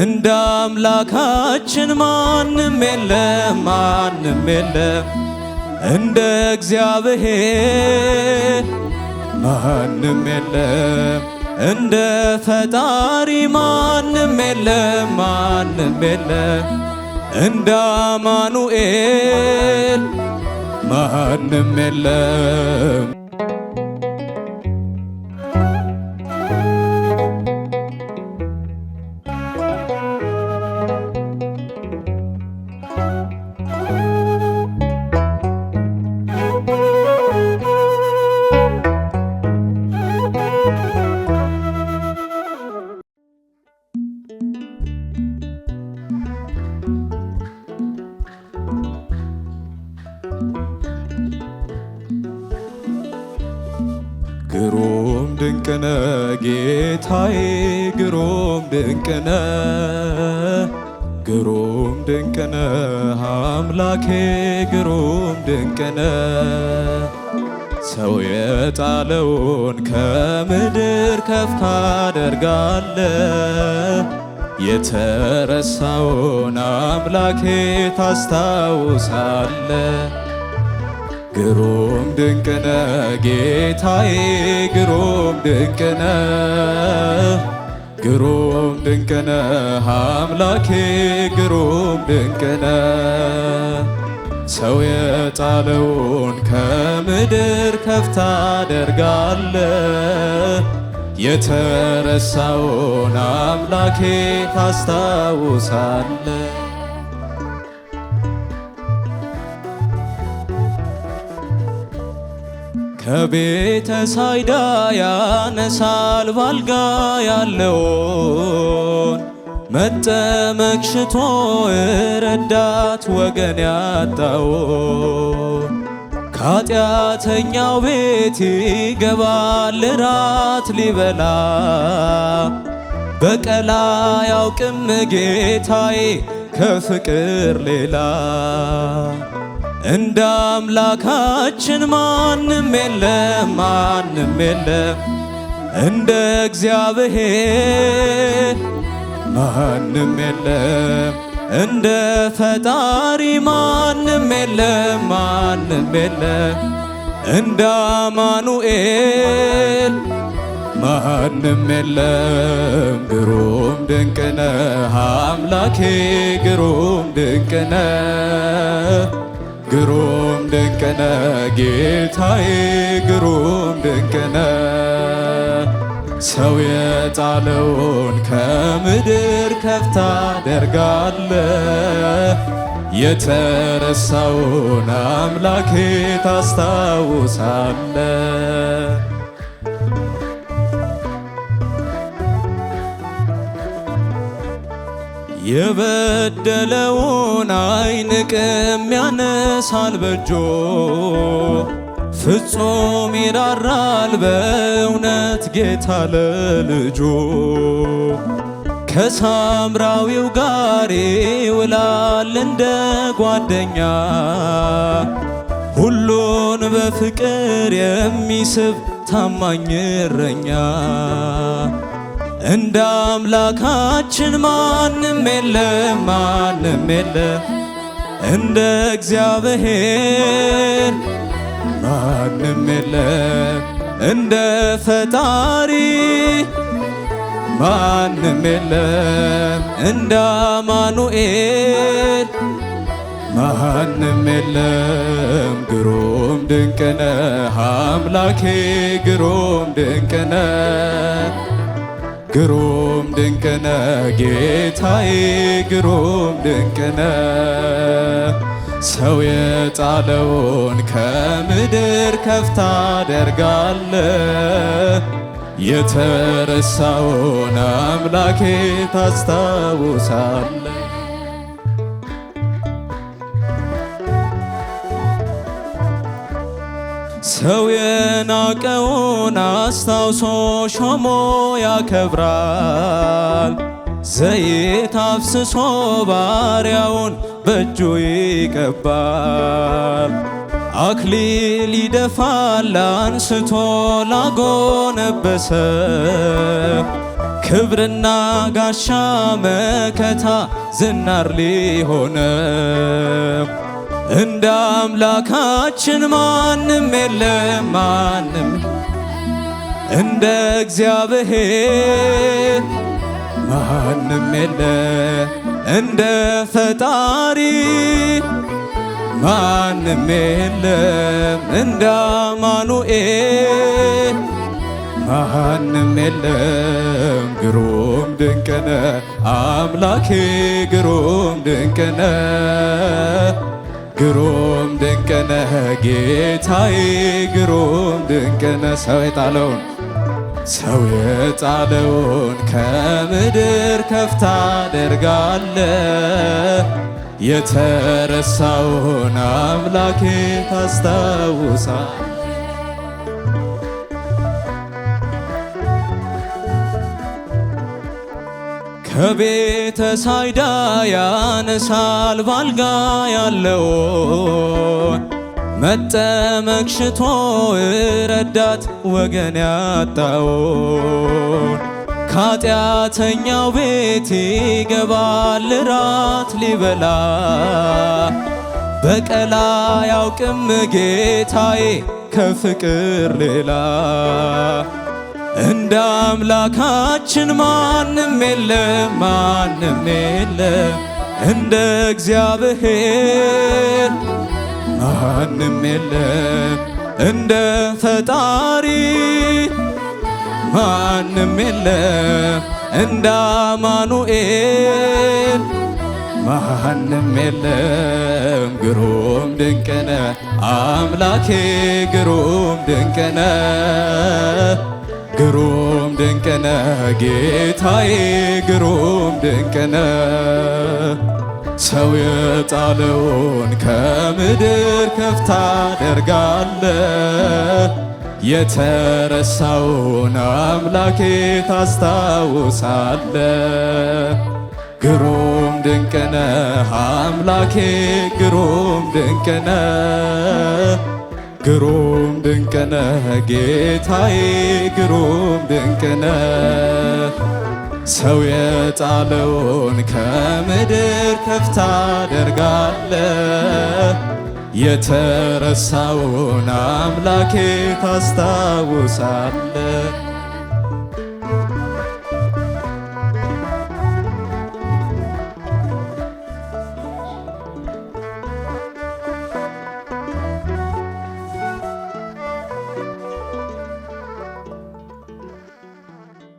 እንደ አምላካችን ማንም የለም፣ ማንም የለም። እንደ እግዚአብሔር ማንም የለም። እንደ ፈጣሪ ማንም የለም፣ ማንም የለም። እንደ አማኑኤል ማንም የለም። ድንቅነ ጌታዬ ግሩም ድንቅነ ግሩም ድንቅነ አምላኬ ግሩም ድንቅነ ሰው የጣለውን ከምድር ከፍ ታደርጋለ የተረሳውን አምላኬ ታስታውሳለ ግሩም ድንቅነ ጌታዬ ግሩም ድንቅነ ግሩም ድንቅነ አምላኬ ግሩም ድንቅነ ሰው የጣለውን ከምድር ከፍ ታደርጋለ የተረሳውን አምላኬ ታስታውሳለ ከቤተ ሳይዳ ያነሳል ባልጋ ያለውን መጠመቅ ሽቶ ረዳት ወገን ያጣውን ከኃጢአተኛው ቤት ይገባል ራት ሊበላ በቀላ ያውቅም ጌታዬ ከፍቅር ሌላ እንደ አምላካችን ማንም የለም፣ ማንም የለም እንደ እግዚአብሔር ማንም የለም፣ እንደ ፈጣሪ ማንም የለም፣ ማንም የለም እንደ አማኑኤል ማንም የለም። ግሩም ድንቅነ አምላኬ ግሩም ድንቅነ ግሩም ድንቅ ነህ ጌታዬ፣ ግሩም ድንቅ ነህ። ሰው የጣለውን ከምድር ከፍታ ደርጋለ የተረሳውን አምላኬ ታስታውሳለህ። የበደለውን አይንቅም ያነሳል በእጆ ፍጹም ይራራል በእውነት ጌታ ለልጁ ከሳምራዊው ጋር ይውላል እንደ ጓደኛ ሁሉን በፍቅር የሚስብ ታማኝ እረኛ እንደ አምላካችን ማንም የለም፣ ማንም የለም እንደ እግዚአብሔር ማንም የለም፣ እንደ ፈጣሪ ማንም የለም፣ እንደ አማኑኤል ማንም የለም። ግሩም ድንቅነ አምላኬ ግሩም ድንቅነ ግሩም ድንቅነ ጌታዬ ግሩም ድንቅነ ሰው የጣለውን ከምድር ከፍታ ታደርጋለ የተረሳውን አምላኬ ታስታውሳለ ሰው የናቀውን አስታውሶ ሾሞ ያከብራል። ዘይት አፍስሶ ባሪያውን በእጁ ይቀባል። አክሊል ይደፋል አንስቶ ላጎነበሰ ክብርና ጋሻ መከታ ዝናር ሊሆነ እንደ አምላካችን ማንም የለም ማንም እንደ እግዚአብሔር ማንም የለ እንደ ፈጣሪ ማንም የለም እንደ አማኑኤል ማንም የለም። ግሩም ድንቅነ አምላኬ ግሩም ድንቅነ ግሩም ድንቅነህ ጌታዬ ግሩም ድንቅነህ ሰው የጣለውን ሰው የጣለውን ከምድር ከፍ ታደርጋለህ የተረሳውን አምላኬ ታስታውሳለህ ከቤተ ሳይዳ ያነሳል ባልጋ ያለውን መጠመቅ ሽቶ ረዳት ወገን ያጣውን ከኃጢአተኛው ቤት ይገባል ራት ሊበላ በቀላ ያውቅም ጌታዬ ከፍቅር ሌላ እንደ አምላካችን ማንም የለም፣ ማንም የለም እንደ እግዚአብሔር ማንም የለም፣ እንደ ፈጣሪ ማንም የለም፣ እንደ አማኑኤል ማንም የለም። ግሩም ድንቅነ አምላኬ ግሩም ድንቅነ ግሩም ድንቅነ ጌታዬ ግሩም ድንቅነ ሰው የጣለውን ከምድር ከፍታ ታደርጋለ የተረሳውን አምላኬ ታስታውሳለ ግሩም ድንቅነ አምላኬ ግሩም ድንቅነ ግሩም ድንቅነህ ጌታዬ ግሩም ድንቅነህ ሰው የጣለውን ከምድር ከፍ ታደርጋለህ የተረሳውን አምላኬ ታስታውሳለህ